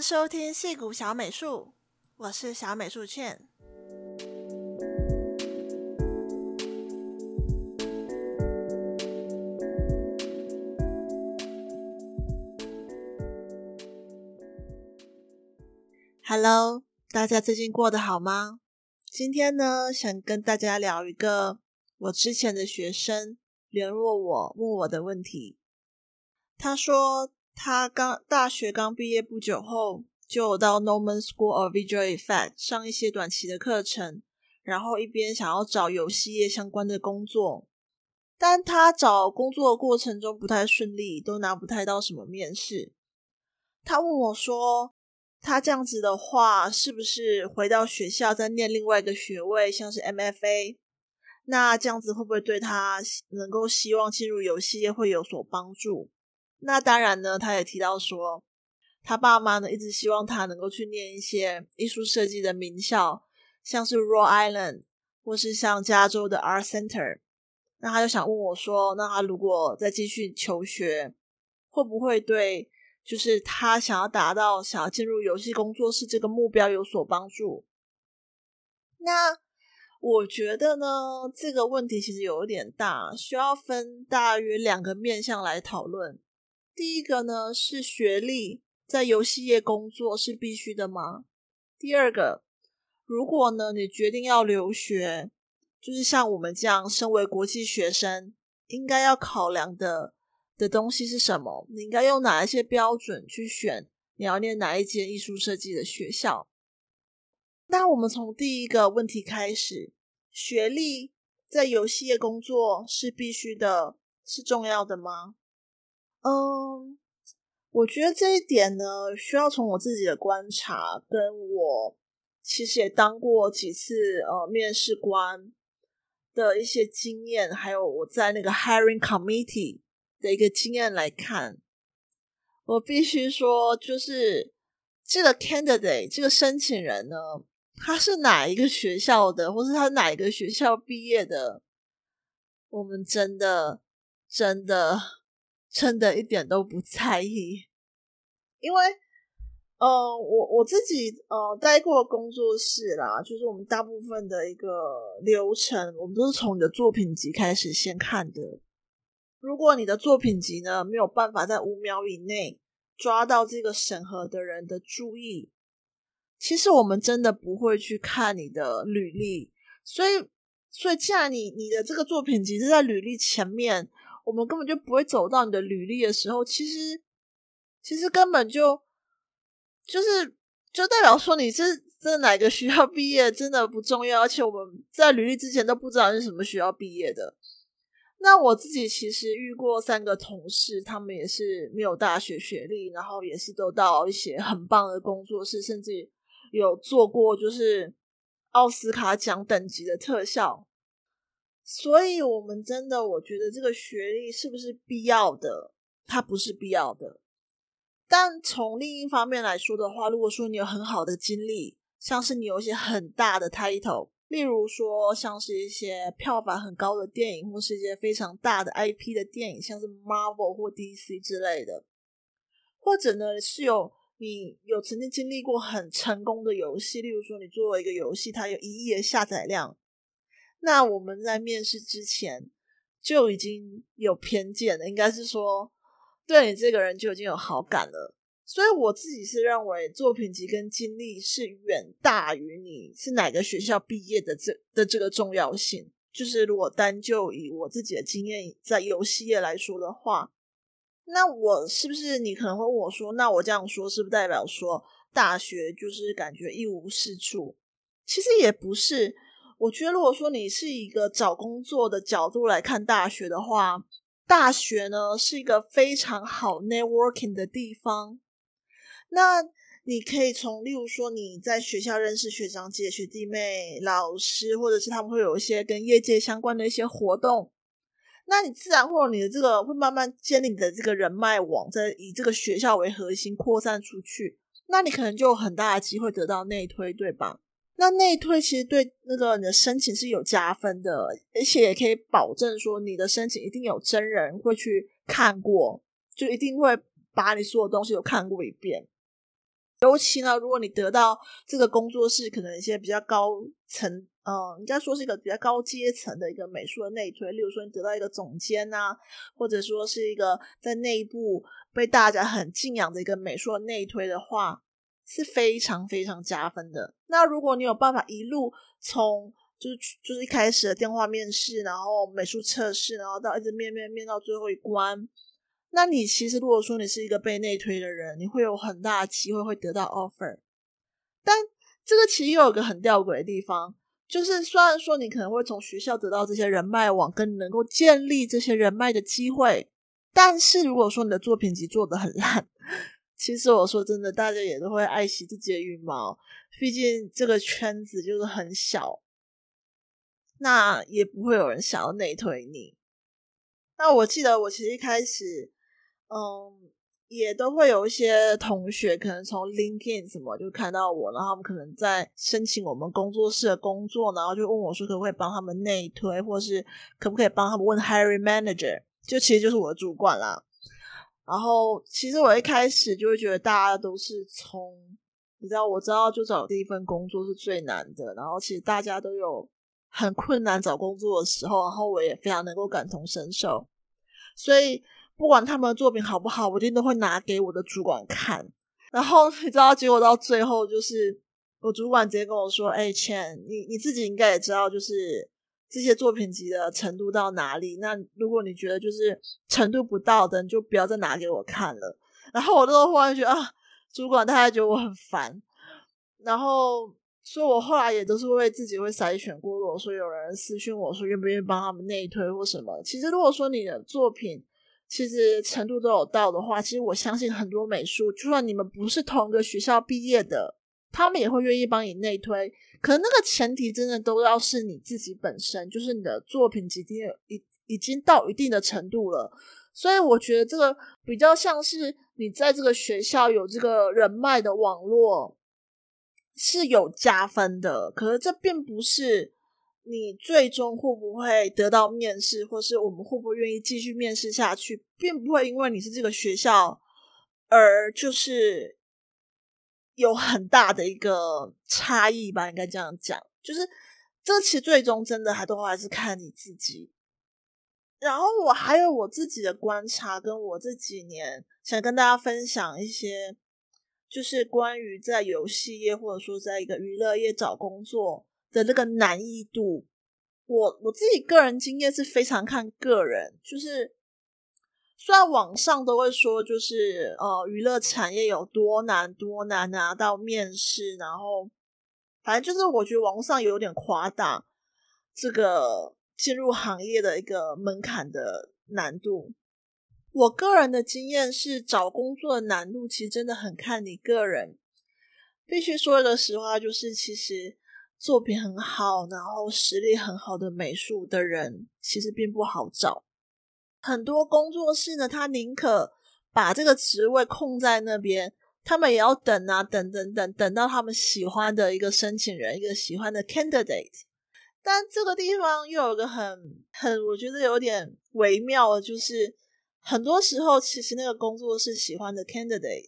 收聽矽谷小美術，我是小美術茜。Hello，大家最近過得好嗎？今天呢，想跟大家聊一個我之前的學生聯絡我問我的問題，他說。他剛大學剛畢業不久後，就到 Gnomon School of Visual Effects 上一些短期的課程，然後一邊想要找遊戲業相關的工作。但他找工作的過程中不太順利，都拿不太到什麼面試。他問我說：“他這樣子的話，是不是回到學校再念另外一個學位，像是 MFA？那這樣子會不會對他能夠希望進入遊戲業會有所幫助？”那當然呢，他也提到說，他爸媽呢一直希望他能夠去念一些藝術設計的名校，像是 Rhode Island，或是像加州的 Art Center。那他就想問我說，那他如果再繼續求學，會不會對就是他想要達到、想要進入遊戲工作室這個目標有所幫助？那我覺得呢，這個問題其實有一點大，需要分大約兩個面向來討論。第一個呢是學歷，在遊戲業工作是必須的嗎？第二個，如果呢你決定要留學，就是像我們這樣身為國際學生，應該要考量的的東西是什麼？你應該用哪一些標準去選你要念哪一間藝術設計的學校？那我們從第一個問題開始，學歷在遊戲業工作是必須的，是重要的嗎？嗯，um，我覺得這一點呢，需要從我自己的觀察，跟我其實也當過幾次呃面試官的一些經驗，還有我在那個 hiring committee 的一個經驗來看。我必須說，就是這個 candidate 這個申請人呢，他是哪一個學校的，或是他哪一個學校畢業的，我們真的真的。真的，一點都不在意，因為，呃，我我自己呃待過工作室啦，就是我們大部分的一個流程，我們都是從你的作品集開始先看的。如果你的作品集呢，沒有辦法在五秒以內抓到這個審核的人的注意，其實我們真的不會去看你的履歷。所以，所以既然你你的這個作品集是在履歷前面，我們根本就不會走到你的履歷的時候，其實，其實根本就就是就代表說，你這這哪個學校畢業真的不重要，而且我們在履歷之前都不知道是什麼學校畢業的。那我自己其實遇過三個同事，他們也是沒有大學學歷，然後也是得到一些很棒的工作室，甚至有做過就是奧斯卡獎等級的特效。所以，我們真的，我覺得這個學歷是不是必要的？它不是必要的。但從另一方面來說的話，如果說你有很好的經歷，像是你有一些很大的 title，例如說像是一些票房很高的電影，或是一些非常大的 IP 的電影，像是 Marvel 或 DC 之類的，或者呢是有你有曾經經歷過很成功的遊戲，例如說你做一個遊戲，它有一億的下載量。那我們在面試之前就已經有偏見了，應該是說對你這個人就已經有好感了。所以我自己是認為作品集跟經歷是遠大於你是哪個學校畢業的這的這個重要性。就是如果單就以我自己的經驗，在遊戲業來說的話，那我是不是你可能會問我說，那我這樣說是不是代表說大學就是感覺一無是處？其實也不是。我覺得，如果說你是以一個找工作的角度來看大學的話，大學呢是一個非常好 networking 的地方。那你可以從，例如說你在學校認識學長姐、學弟妹、老師，或者是他們會有一些跟業界相關的一些活動，那你自然或者你的這個會慢慢建立你的這個人脈網，在以這個學校為核心擴散出去，那你可能就有很大的機會得到內推，對吧？那內推其實對那個你的申請是有加分的，而且也可以保證說你的申請一定有真人會去看過，就一定會把你所有東西都看過一遍。尤其呢，如果你得到這個工作室可能一些比較高層，嗯，應該說是一個比較高階層的一個美術的內推，例如說你得到一個總監啊，或者說是一個在內部被大家很敬仰的一個美術的內推的話。是非常非常加分的。那如果你有辦法一路從，就是就是一開始的電話面試，然後美術測試，然後到一直面面面，面到最後一關，那你其實如果說你是一個被內推的人，你會有很大的機會會得到 offer。但這個其實又有個很吊詭的地方，就是雖然說你可能會從學校得到這些人脈網，跟能夠建立這些人脈的機會，但是如果說你的作品集做得很爛。其實我說真的，大家也都會愛惜自己的羽毛，畢竟這個圈子就是很小，那也不會有人想要內推你。那我記得我其實一開始，嗯，也都會有一些同學可能從 LinkedIn 什麼就看到我，然後他們可能在申請我們工作室的工作，然後就問我說可不可以幫他們內推，或是可不可以幫他們問 Hiring Manager，就其實就是我的主管啦。然後，其實我一開始就會覺得大家都是從，你知道，我知道就找第一份工作是最難的。然後，其實大家都有很困難找工作的時候，然後我也非常能夠感同身受。所以，不管他們的作品好不好，我一定都會拿給我的主管看。然後，你知道，結果到最後就是我主管直接跟我說：“哎，倩，你你自己應該也知道，就是。”這些作品集的程度到哪裡？那如果你覺得就是程度不到的，你就不要再拿給我看了。然後我那時候忽然覺得啊，主管他還覺得我很煩。然後，所以我後來也都是為自己會篩選過了。所以有人私信我說願不願意幫他們內推或什麼？其實如果說你的作品其實程度都有到的話，其實我相信很多美術，就算你們不是同一個學校畢業的，他們也會願意幫你內推，可能那個前提真的都要是你自己本身，就是你的作品已經已經到一定的程度了。所以我覺得這個比較像是你在這個學校有這個人脈的網絡是有加分的，可是這並不是你最終會不會得到面試，或是我們會不會願意繼續面試下去，並不會因為你是這個學校，而就是。有很大的一個，差異吧，應該這樣講，就是這其實最終真的還都還是看你自己。然後我還有我自己的觀察，跟我這幾年想跟大家分享一些，就是關於在遊戲業或者說在一個娛樂業找工作的這個難易度，我我自己個人經驗是非常看個人，就是。雖然網上都會說，就是呃，娛樂產業有多難多難，拿到面試，然後反正就是，我覺得網上有點誇大這個進入行業的一個門檻的難度。我個人的經驗是，找工作的難度其實真的很看你個人。必須說個實話，就是其實作品很好，然後實力很好的美術的人，其實並不好找。很多工作室呢，他寧可把這個職位空在那邊，他們也要等啊，等等等等，等到他們喜歡的一個申請人，一個喜歡的 candidate。但這個地方又有個很很，我覺得有點微妙的，就是很多時候，其實那個工作室喜歡的 candidate，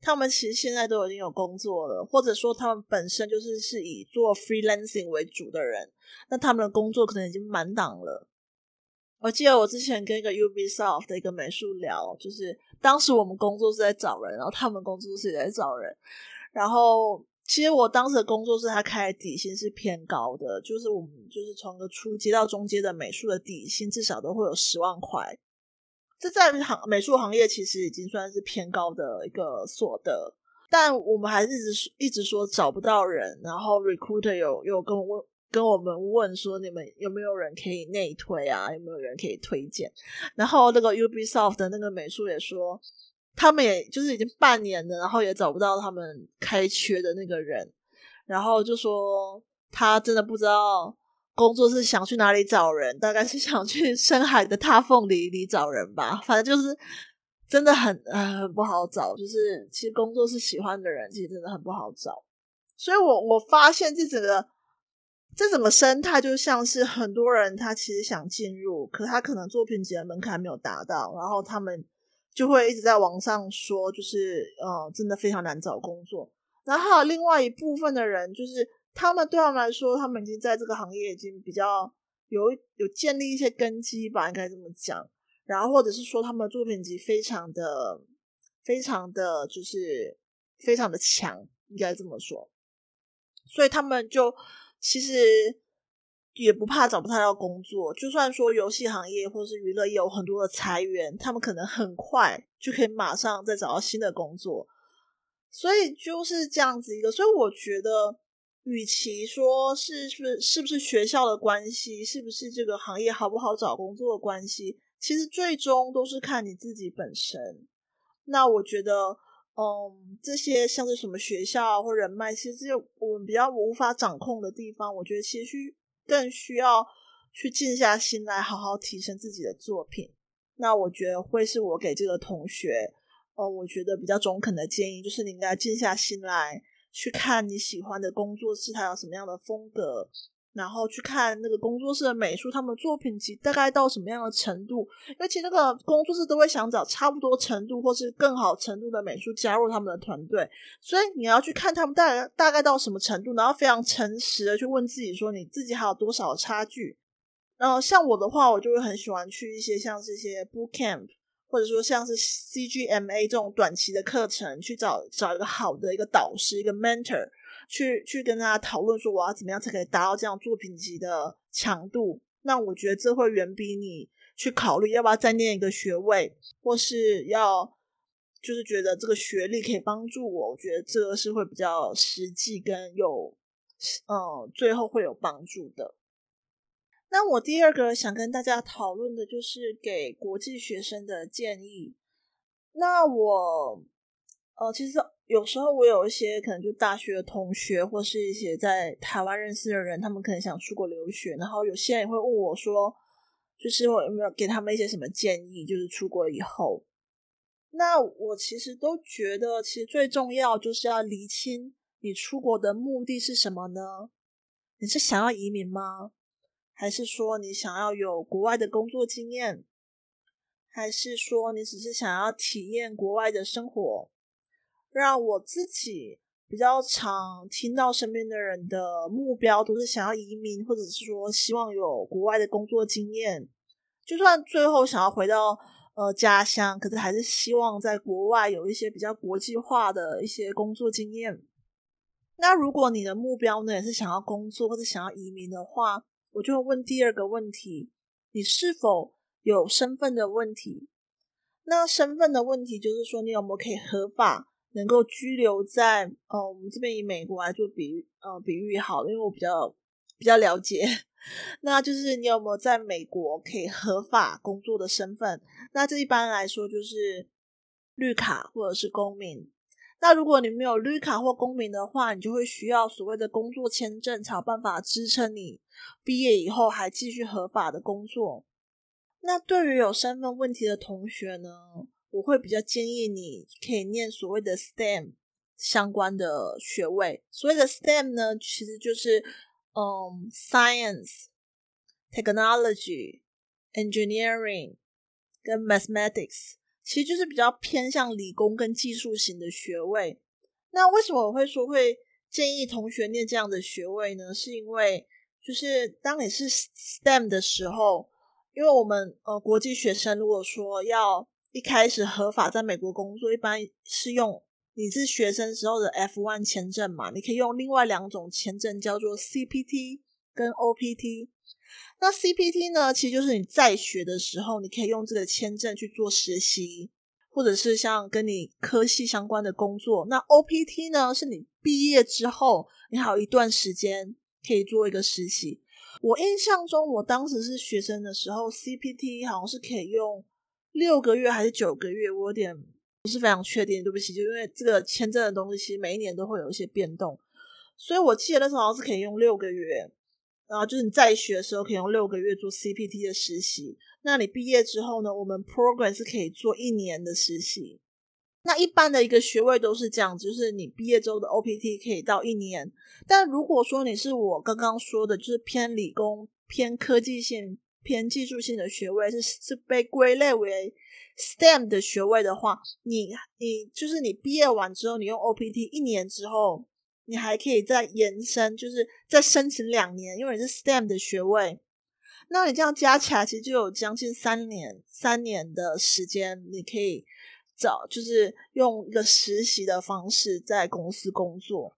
他們其實現在都已經有工作了，或者說他們本身就是是以做 freelancing 為主的人，那他們的工作可能已經滿檔了。我記得我之前跟一個 Ubisoft 的一個美術聊，就是當時我們工作室在找人，然後他們工作室也在找人。然後其實我當時的工作室他開的底薪是偏高的，就是我們就是從個初級到中階的美術的底薪至少都會有十萬塊。這在行美術行業其實已經算是偏高的一個所得，但我們還是一直一直說找不到人，然後 recruiter 有有跟我問。跟我們問說，你們有沒有人可以內推啊？有沒有人可以推薦？然後那個 Ubisoft 的那個美術也說，他們也就是已經半年了，然後也找不到他們開缺的那個人，然後就說他真的不知道工作室想去哪裡找人，大概是想去深海的大鳳梨裡裡找人吧。反正就是真的很呃很不好找，就是其實工作室喜歡的人，其實真的很不好找。所以我，我我發現這整個。這整個生態就像是很多人，他其實想進入，可他可能作品集的門檻還沒有達到，然後他們就會一直在網上說，就是呃、嗯，真的非常難找工作。然後還有另外一部分的人，就是他們對他們來說，他們已經在這個行業已經比較有有建立一些根基吧，應該這麼講。然後或者是說他們的作品集非常的非常的，非常的就是非常的強，應該這麼說。所以他們就。其實也不怕找不到工作，就算說遊戲行業或是娛樂業有很多的裁員，他們可能很快就可以馬上再找到新的工作。所以就是這樣子一個，所以我覺得，與其說是是不是是不是學校的關係，是不是這個行業好不好找工作的關係，其實最終都是看你自己本身。那我覺得。嗯，這些像是什麼學校或人脈，其實這些我們比較無法掌控的地方。我覺得其實需更需要去靜下心來，好好提升自己的作品。那我覺得會是我給這個同學，哦、嗯，我覺得比較中肯的建議就是，你應該靜下心來去看你喜歡的工作室，它有什麼樣的風格。然後去看那個工作室的美術，他們的作品集大概到什麼樣的程度？尤其那個工作室都會想找差不多程度或是更好程度的美術加入他們的團隊，所以你要去看他們大大概到什麼程度，然後非常誠實的去問自己說，你自己還有多少差距？然後像我的話，我就會很喜歡去一些像這些 boot camp，或者說像是 CGMA 這種短期的課程，去找找一個好的一個導師，一個 mentor。去去跟大家討論說，我要怎麼樣才可以達到這樣作品集的強度？那我覺得這會遠比你去考慮要不要再念一個學位，或是要就是覺得這個學歷可以幫助我。我覺得這個是會比較實際跟有，呃、嗯，最後會有幫助的。那我第二個想跟大家討論的就是給國際學生的建議。那我呃，其實。有時候我有一些可能就大學的同學，或是一些在台灣認識的人，他們可能想出國留學，然後有些人也會問我說，就是我有沒有給他們一些什麼建議，就是出國以後。那我其實都覺得，其實最重要就是要釐清你出國的目的是什麼呢？你是想要移民嗎？還是說你想要有國外的工作經驗？還是說你只是想要體驗國外的生活？讓我自己比較常聽到身邊的人的目標都是想要移民，或者是說希望有國外的工作經驗，就算最後想要回到呃家鄉，可是還是希望在國外有一些比較國際化的一些工作經驗。那如果你的目標呢也是想要工作或者想要移民的話，我就會問第二個問題：你是否有身份的問題？那身份的問題就是說你有沒有可以合法？能夠居留在呃、哦，我們這邊以美國來做比喻，呃、比喻好，因為我比較比較了解。那就是你有沒有在美國可以合法工作的身份？那這一般來說就是綠卡或者是公民。那如果你沒有綠卡或公民的話，你就會需要所謂的工作簽證，才有辦法支撐你畢業以後還繼續合法的工作。那對於有身份問題的同學呢？我會比較建議你可以念所謂的 STEM 相關的學位。所謂的 STEM 呢，其實就是嗯、um，Science、Technology、Engineering 跟 Mathematics，其實就是比較偏向理工跟技術型的學位。那為什麼我會說會建議同學念這樣的學位呢？是因為就是當你是 STEM 的時候，因為我們呃，國際學生如果說要一開始合法在美國工作，一般是用你是學生時候的 F1 簽證嘛，你可以用另外兩種簽證，叫做 CPT 跟 OPT。那 CPT 呢，其實就是你在學的時候，你可以用這個簽證去做實習，或者是像跟你科系相關的工作。那 OPT 呢，是你畢業之後，你還有一段時間可以做一個實習。我印象中，我當時是學生的時候，CPT 好像是可以用。六個月還是九個月，我有點不是非常確定。對不起，就因為這個簽證的東西，其實每一年都會有一些變動。所以我記得那時候好像是可以用六個月，然、啊、後就是你在學的時候可以用六個月做 CPT 的實習。那你畢業之後呢？我們 program 是可以做一年的實習。那一般的一個學位都是這樣，就是你畢業之後的 OPT 可以到一年。但如果說你是我剛剛說的，就是偏理工、偏科技性。偏技術性的學位是是被歸類為 STEM 的學位的話，你你就是你畢業完之後，你用 OPT 一年之後，你還可以再延伸，就是再申請兩年，因為你是 STEM 的學位，那你這樣加起來，其實就有將近三年三年的時間，你可以找就是用一個實習的方式在公司工作。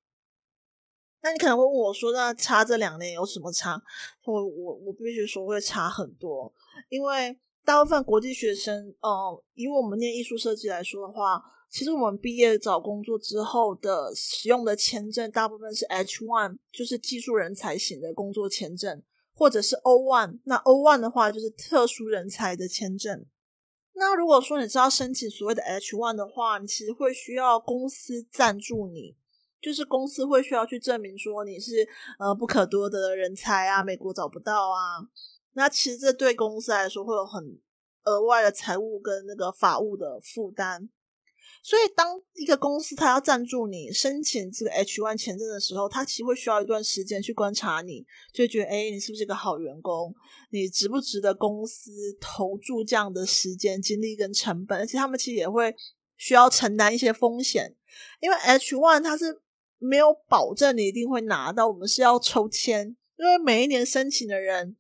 那你可能會問我說：“那差這兩年有什麼差？”我我我必須說會差很多，因為大部分國際學生，哦、呃，以我們念藝術設計來說的話，其實我們畢業找工作之後的使用的簽證大部分是 H one，就是技術人才型的工作簽證，或者是 O one。那 O one 的話就是特殊人才的簽證。那如果說你知道申請所謂的 H one 的話，你其實會需要公司贊助你。就是公司會需要去證明說，你是呃不可多得的人才啊，美國找不到啊。那其實這對公司來說會有很額外的財務跟那個法務的負擔。所以當一個公司它要贊助你申請這個 H one 簽證的時候，它其實會需要一段時間去觀察你，就會覺得哎，你是不是一個好員工？你值不值得公司投注這樣的時間、精力跟成本？而且他們其實也會需要承擔一些風險，因為 H one 它是。沒有保證你一定會拿到，我們是要抽籤，因為每一年申請的人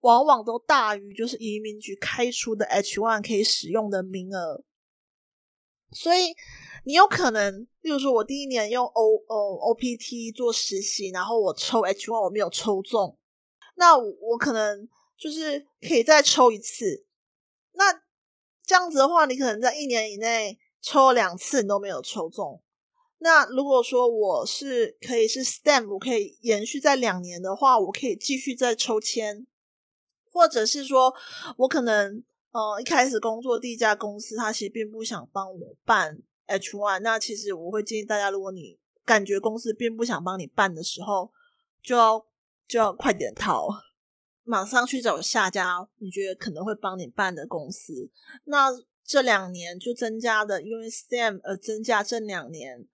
往往都大於就是移民局開出的 H one 可以使用的名額，所以你有可能，例如說我第一年用 O O OPT 做實習，然後我抽 H one 我沒有抽中，那我，我可能就是可以再抽一次，那這樣子的話，你可能在一年以內抽了兩次你都沒有抽中。那如果說我是可以是 STEM，我可以延續在兩年的話，我可以繼續再抽籤，或者是說，我可能呃一開始工作第一家公司，他其實並不想幫我辦 H one。那其實我會建議大家，如果你感覺公司並不想幫你辦的時候，就要就要快點逃，馬上去找下家，你覺得可能會幫你辦的公司。那這兩年就增加的，因為 STEM 而增加這兩年。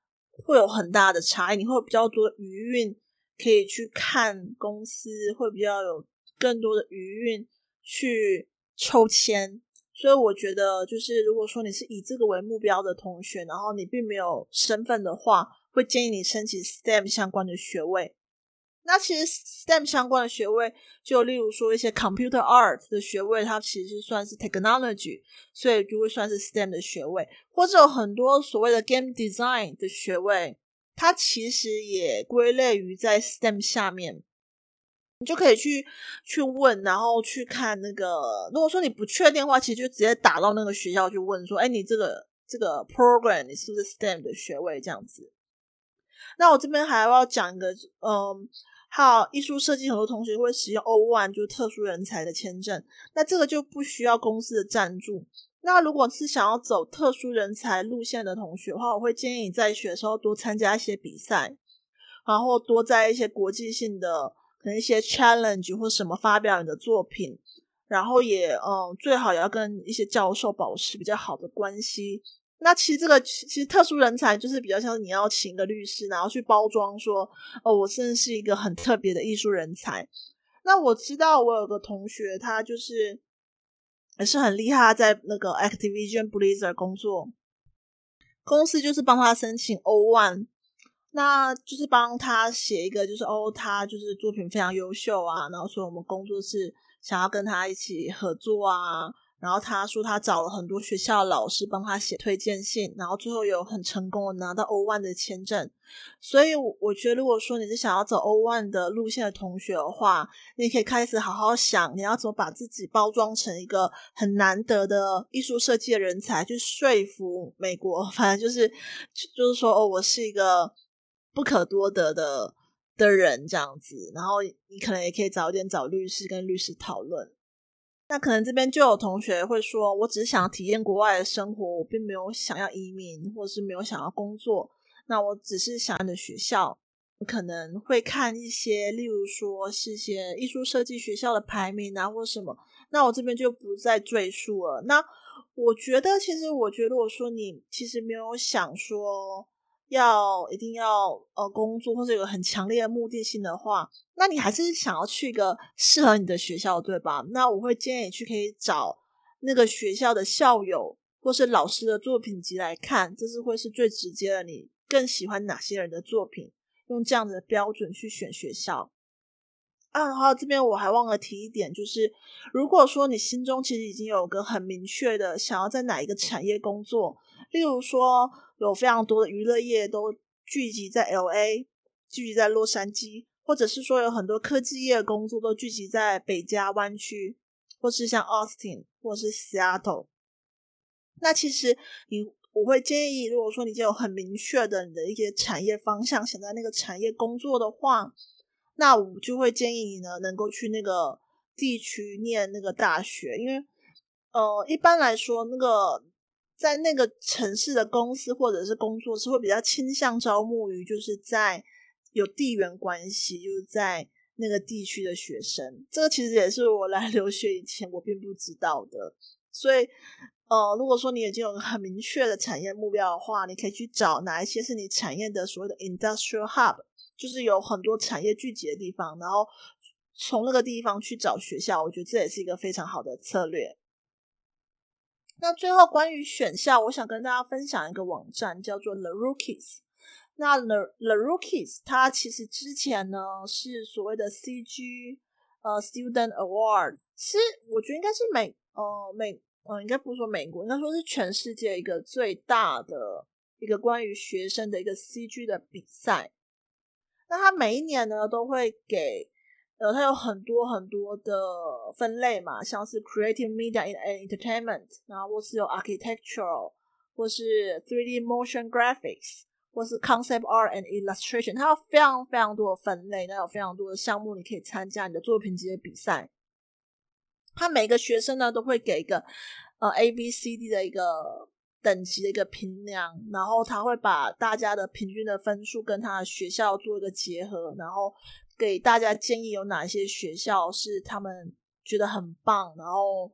會有很大的差異，你會有比較多的餘裕可以去看公司，會比較有更多的餘裕去抽籤，所以我覺得就是如果說你是以這個為目標的同學，然後你並沒有身份的話，會建議你申請 STEM 相關的學位。那其實 STEM 相關的學位，就例如說一些 Computer Art 的學位，它其實就算是 Technology，所以就會算是 STEM 的學位。或者有很多所謂的 Game Design 的學位，它其實也歸類於在 STEM 下面。你就可以去去問，然後去看那個。如果說你不確定的話，其實就直接打到那個學校去問，說：哎，你這個這個 program 你是不是 STEM 的學位這樣子？那我這邊還要講一個，嗯。好，藝術設計很多同學會使用 O1，就是特殊人才的簽證。那這個就不需要公司的贊助。那如果是想要走特殊人才路線的同學的話，我會建議你在學的時候多參加一些比賽，然後多在一些國際性的，可能一些 challenge 或者什麼發表你的作品，然後也嗯，最好也要跟一些教授保持比較好的關係。那其實這個其實特殊人才就是比較像你要請一個律師，然後去包裝說，哦，我真的是一個很特別的藝術人才。那我知道我有個同學，他就是也是很厲害，在那個 Activision Blizzard 工作，公司就是幫他申請 O1，那就是幫他寫一個，就是哦，他就是作品非常優秀啊，然後說我們工作室想要跟他一起合作啊。然後他說，他找了很多學校的老師幫他寫推薦信，然後最後有很成功的拿到 O1 的簽證。所以我，我我覺得，如果說你是想要走 O1 的路線的同學的話，你可以開始好好想，你要怎麼把自己包裝成一個很難得的藝術設計的人才，去說服美國。反正就是，就是說，哦，我是一個不可多得的的人這樣子。然後，你可能也可以早一點找律師，跟律師討論。那可能這邊就有同學會說，我只是想體驗國外的生活，我並沒有想要移民，或者是沒有想要工作。那我只是想你的學校，可能會看一些，例如說是一些藝術設計學校的排名啊，或者什麼。那我這邊就不再贅述了。那我覺得，其實我覺得，我說你其實沒有想說。要一定要呃，工作或者有很強烈的目的性的話，那你還是想要去一個適合你的學校，對吧？那我會建議你去可以找那個學校的校友或是老師的作品集來看，這是會是最直接的。你更喜歡哪些人的作品？用這樣的標準去選學校。啊，然後這邊我還忘了提一點，就是如果說你心中其實已經有個很明確的想要在哪一個產業工作。例如說，有非常多的娛樂業都聚集在 LA，聚集在洛杉磯，或者是說有很多科技業工作都聚集在北加灣區，或是像 Austin，或是 Seattle。那其實你，我會建議，如果說你就有很明確的你的一些產業方向，想在那個產業工作的話，那我就會建議你呢，能夠去那個地區唸那個大學，因為呃，一般來說那個。在那個城市的公司或者是工作室會比較傾向招募於就是在有地緣關係，就是在那個地區的學生。這個其實也是我來留學以前我並不知道的。所以，呃，如果說你已經有很明確的產業目標的話，你可以去找哪一些是你產業的所謂的 industrial hub，就是有很多產業聚集的地方，然後從那個地方去找學校，我覺得這也是一個非常好的策略。那最後關於選校，我想跟大家分享一個網站，叫做 The Rookies。那 The The Rookies 它其實之前呢是所謂的 CG 呃、uh, Student Award，其實我覺得應該是美呃美呃應該不是說美國，應該說是全世界一個最大的一個關於學生的一個 CG 的比賽。那它每一年呢都會給。呃，它有很多很多的分類嘛，像是 creative media in entertainment，然後或是有 architectural，或是 three D motion graphics，或是 concept art and illustration。它有非常非常多的分類，它有非常多的項目，你可以參加你的作品集的比賽。他每個學生呢都會給一個呃 A B C D 的一個等級的一個評量，然後他會把大家的平均的分數跟他的學校做一個結合，然後給大家建議有哪一些學校是他們覺得很棒，然後，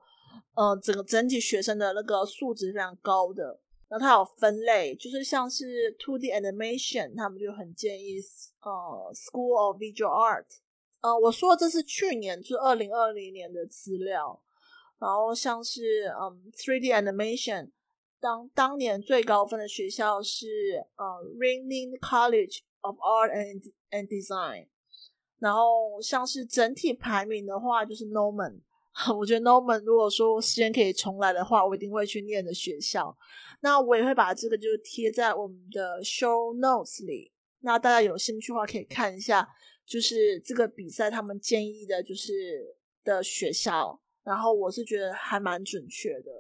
呃、嗯，整個整體學生的那個素質非常高的。然後它有分類，就是像是 Two D Animation，他們就很建議呃、uh, School of Visual Art、嗯。呃，我說的這是去年，就是二零二零年的資料。然後像是嗯 Three D Animation，當當年最高分的學校是呃、uh, Ringling College of Art and and Design。然後像是整體排名的話，就是 Gnomon。我覺得 Gnomon，如果說時間可以重來的話，我一定會去念的學校。那我也會把這個就貼在我們的 Show Notes 裡。那大家有興趣的話可以看一下，就是這個比賽他們建議的，就是的學校。然後我是覺得還蠻準確的，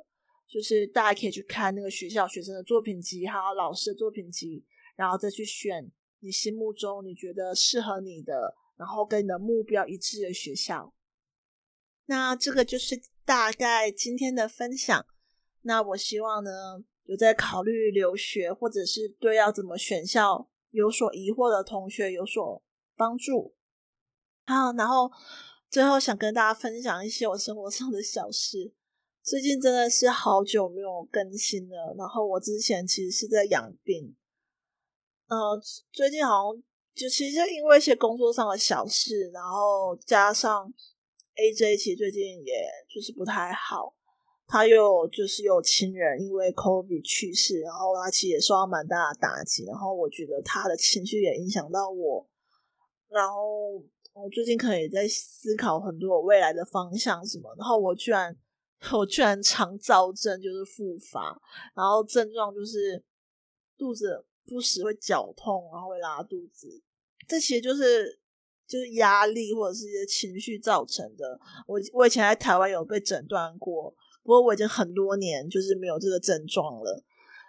就是大家可以去看那個學校學生的作品集，還有老師的作品集，然後再去選你心目中你覺得適合你的。然後跟你的目標一致的學校，那這個就是大概今天的分享。那我希望呢，有在考慮留學或者是對要怎麼選校有所疑惑的同學有所幫助。好，然後最後想跟大家分享一些我生活上的小事。最近真的是好久沒有更新了。然後我之前其實是在養病，嗯、呃，最近好像。就其實就因為一些工作上的小事，然後加上 AJ，其實最近也就是不太好。他又就是有親人因為 COVID 去世，然後他其實也受到蠻大的打擊。然後我覺得他的情緒也影響到我。然後我最近可能也在思考很多我未來的方向什麼。然後我居然我居然腸躁症，就是復發。然後症狀就是肚子。不時會絞痛，然後會拉肚子，這其實就是就是壓力或者是一些情緒造成的。我我以前在台灣有被診斷過，不過我已經很多年就是沒有這個症狀了。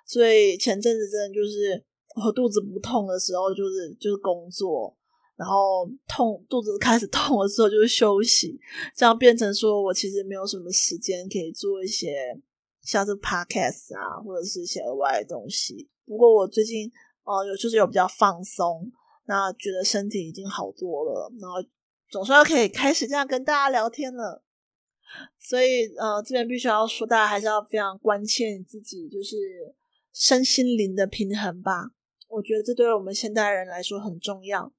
所以前陣子真的就是我肚子不痛的時候，就是就是工作，然後痛肚子開始痛的時候就是休息，這樣變成說我其實沒有什麼時間可以做一些像是 podcast 啊，或者是一些額外的東西。不過我最近哦，有、呃、就是有比較放鬆，那覺得身體已經好多了，然後總算可以開始這樣跟大家聊天了。所以呃，這邊必須要說，大家還是要非常關切自己，就是身心靈的平衡吧。我覺得這對我們現代人來說很重要。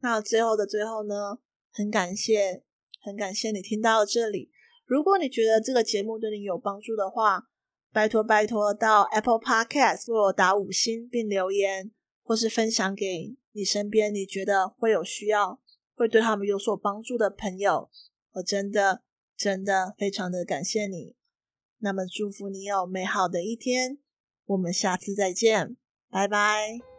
那最後的最後呢，很感謝，很感謝你聽到這裡。如果你覺得這個節目對你有幫助的話，拜託拜託，到 Apple Podcast 為我打五星並留言，或是分享給你身邊你覺得會有需要、會對他們有所幫助的朋友。我真的真的非常的感謝你。那麼祝福你有美好的一天，我們下次再見，拜拜。